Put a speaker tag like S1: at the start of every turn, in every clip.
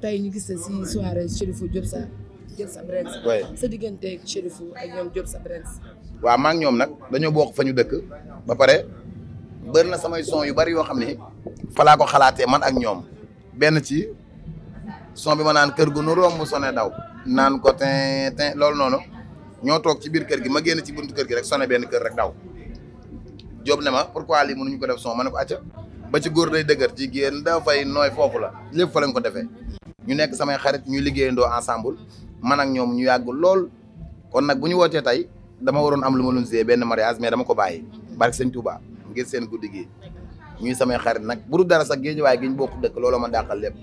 S1: tey ñu gis si soirée
S2: Chérifou Diop sa Diop sa Brens. sa diggante ak ñoom sa waaw maa ñoom nag dañoo bokk fa ñu dëkk ba pare bëri na samay son yu bari yoo xam ne fa ko xalaatee man ak ñoom benn ci son bi ma naan kër gu nu romb sone daw. naan ko tin tin loolu noonu ñoo toog ci biir kër gi ma génn ci buntu kër gi rek sone benn kër rek daw Diop ne ma pour pourquoi lii mënuñu ko def son ma ne ko acca ba ci góor day dëgër jigéen dafay nooy foofu la lépp fa lañ ko defee. ñu nekk samay xarit ñuy liggéeyandoo ensemble man ak ñoom ñu yàgg lool kon nag bu ñu wootee tey dama waroon am lu ma leen see benn mariage mais dama ko bàyyi barke sëñ Touba ngir seen guddi gi ñuy samay xarit nag bu dara sa géejuwaay gi ñu bokk dëkk looloo ma dàqal lépp.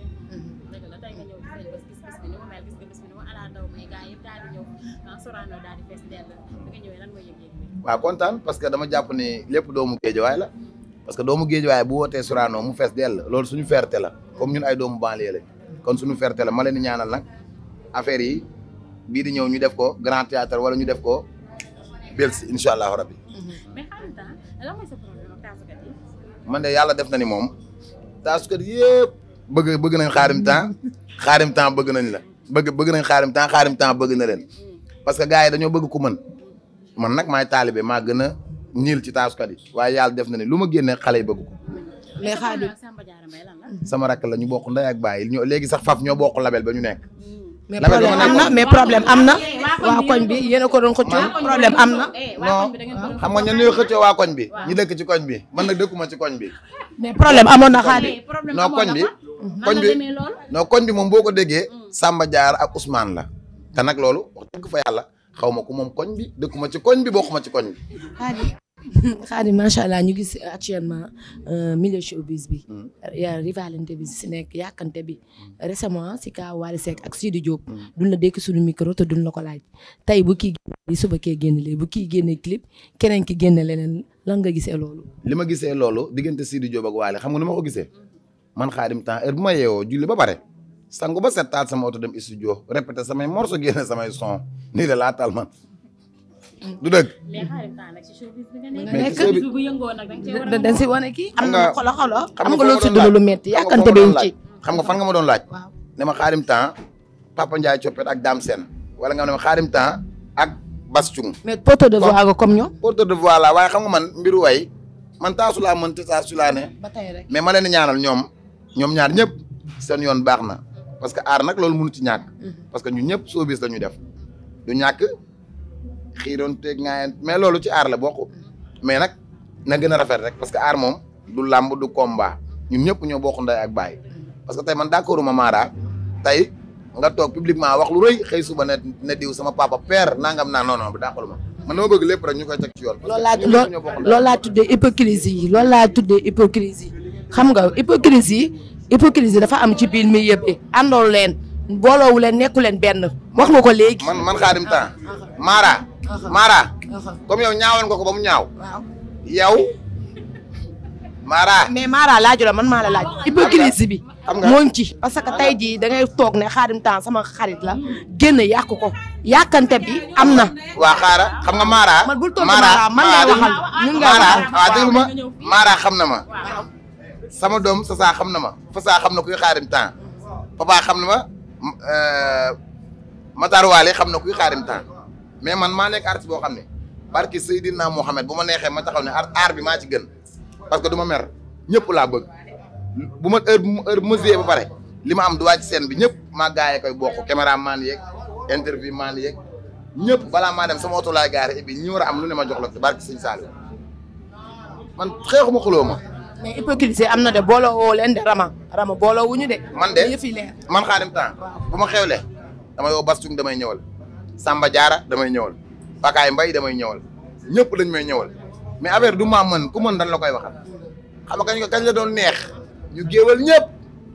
S2: que dama jàpp ni lépp doomu géejuwaay la parce que doomu géejuwaay bu wootee Sorano mu fees dell lool suñu fierté la comme ñun ay doomu banlieue lañ kon suñu fierté la ma leen di ñaanal nag affaire yi bii di ñëw ñu def ko grand théâtre wala ñu def ko Bercy incha allahu rabbi man de yàlla def na ni moom taasukat yëpp bëgg bëgg nañ xaarim temps xaarim temps bëgg nañ la bëgg bëgg nañ xaarim temps xaarim temps bëgg na leen parce que gars yi dañoo bëgg ko mën man nag maay taalibe maa gën a niil ci taasukat yi waaye yàlla def na ni lu ma génne xale yi bëgg ko Mm-hmm. sama rakk la ñu bokk ndey ak bàyyi ñoo léegi sax faf ñoo bokk label ba ñu nekk. Mm.
S1: mais problème am na mais problème am na. waa koñ bi yéen a ko doon am
S2: na. Eh, xam nga ñun ñoo koñ bi. ñu dëkk ci koñ bi mën nag dëkkuma ci koñ bi.
S1: mais problème amoon na xaalis. Eh, non koñ bi mm-hmm.
S2: koñ bi non koñ bi moom boo ko déggee. Mm. sàmba Diar ak Ousmane la. te nag loolu wax dëgg fa yàlla xaw ma ko moom koñ bi dëkkuma ci koñ bi bokkuma ci koñ bi.
S1: xaaral macha allah ñu gis actuellement euh, milieu showbiz bi. Hmm. rivalité bi si nekk yàkkante bi. Hmm. récemment si cas Wally Seck ak Sidi Diop. Hmm. duñ la dékk suñu micro te duñ ko laaj tey bu kii génne suba kee génne lee bu kii génne clip keneen ki génnee leneen lan nga gisee loolu.
S2: li ma gisee loolu diggante Sidi Diop ak Wally xam nga nu ma ko gisee man xaarim temps heure bu ma yeewoo julli ba pare sangu ba set taal sama oto dem studio répété samay morceau génne samay son nii de laa taal du dëgg.
S1: mais da nga si wane ki am na xolo xolo
S2: am nga loolu si dund lu métti yàkkante fan nga ma doon laaj. ne ma xaarim temps Papa Ndiaye Coppet ak Dame seen wala nga ne ma xaarim temps ak Bass Thioung. mais porteur de waa nga comme ñoom. porteur de voix la waaye xam nga man mbiru way man taasu laa mën te taasu ne. tey mais ma leen ñaanal ñoom ñoom ñaar ñëpp seen yoon baax na parce que aar nag loolu mënu ci ñàkk. Mhm. parce que ñun ñëpp showbiz la ñu def du ñàkk xiiroonteeg ngaayant mais loolu ci aar la bokk mais nag na gën a rafet rek parce que aar moom du làmb du combat ñun ñëpp ñoo bokk ndey ak baay parce que tey man d'accord uma Mara tey nga toog publiquement wax lu rëy xëy suba na ne diw sama papa père nangam naa non non bi dàqalu ma man dama bëgg lépp rek ñu koy teg ci yoon. loolu laa loolu laa
S1: tuddee hypocrisie yi loolu laa tuddee hypocrisie xam nga hypocrisie hypocrisie dafa am ci biir mi yëpp àndoon leen. booloowu leen nekku leen benn wax nga ko léegi.
S2: man man xaadim temps Mara. Mara. comme yow ñaawoon nga ko ba mu ñaaw. yow. Mara mais Mara laaju la
S1: man maa la laaj. hypocrisie bi. xam nga moo ngi ci parce que tey jii da ngay toog ne xaadim sama xarit la génn yàq ko yàkkante bi am
S2: na. waa xaara xam nga Mara. man bul toog Mara man ngay waxal. ma Mara xam na ma. sama doom sa saa xam na ma fa saa xam na kuy xaadim temps papa xam na ma. Euh, Matar Waale xam na kuy xaarim temps mais man maa nekk artiste boo xam ne barki Seydina Mohamed bu ma neexee ma taxaw ne art art bi maa ci gën parce que du ma mer ñëpp laa bëgg bu ma heure heure mesure ba pare li ma am du wàcc seen bi ñëpp maa gaayee koy bokk caméraman yeeg interview man yeeg ñëpp balaa maa dem sama oto laay gaare et puis ñi war a am lu ne ma jox la barki Sëñ Saliou man xeexuma xuloo ma mais hypocrisie am na de
S1: booloo woo leen de rama rama booloo wu ñu de. man de yëf yi
S2: man xaadim temps bu ma xewle damay woo Bastung damay ñëwal Samba jaara damay ñëwal Bakaay Mbay damay ñëwal ñëpp lañ may ñëwal mais affaire du maa mën ku mën dañ la koy waxal xam nga kañ ko kañ la doon neex ñu géewal ñëpp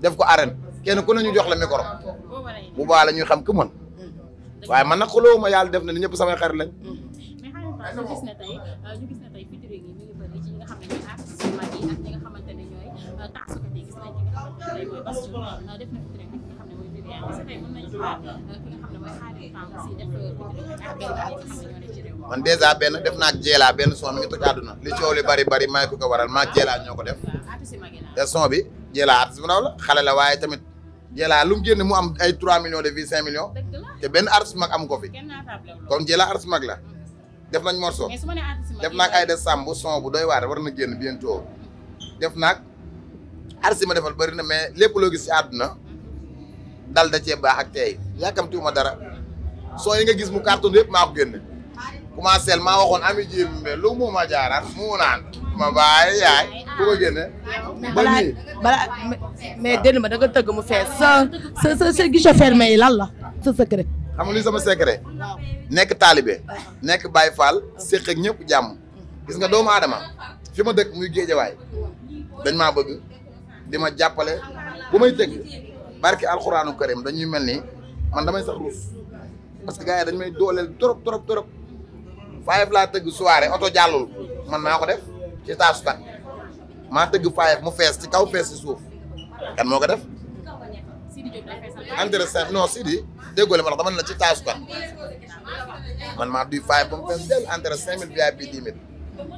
S2: def ko arène kenn ku ne ñu jox la micro bu baax ñuy xam ku mën waaye man na xooloo ma yàlla def na ni ñëpp samay xarit lañ. parce man dèjà benn def naa ak benn son mi ngi toj àdduna li coow li bari bari may ko ko waral maa Jela ñoo ko def te son bi Jela artiste bu ndaw la xale la waaye tamit Jela lu mu mu am ay 3 millions de vues millions te benn artiste mag am ko fi kon Jela artiste mag la def nañ morceau def naag ay de Samb son bu doy waar war na génn bientôt def naag. arsi ma defal bari na mais lépp loo gis ci àdduna dal da cee baax ak tey yàkkamtiwuma dara son yi nga gis mu carton yëpp maa ko génne commencé maa waxoon ami ji mbe lu mu ma jaaraat mu naan ma bàyyi yaay ku ma génne.
S1: balaa mais dégg ma da tëgg mu fees. sa sa sa sa guichet yi lan la sa
S2: secret. xam nga sama secret nekk taalibe nekk Baay Faal séq ak ñëpp jàmm gis nga doomu aadama fi ma dëkk muy géejawaay dañ maa bëgg. di ma jàppale bu may tëgg barki alxuraanu karim dañuy mel ni man damay sax ruus parce que gars yi dañ may dooleel trop trop trop fayeef laa tëgg soirée oto jàllul man maa ko def ci taasu maa tëgg fayeef mu fees ci kaw fees ci suuf kan moo ko def intéressant non Sidi déggoo ma la dama ne la ci taasu tak man maa duy fayeef ba mu fees del intéressant cinq mille VIP dix mille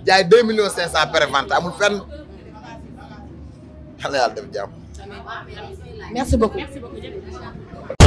S2: jaay deux millions cinq cent prévente amul fenn yàlla def jàmm
S1: merci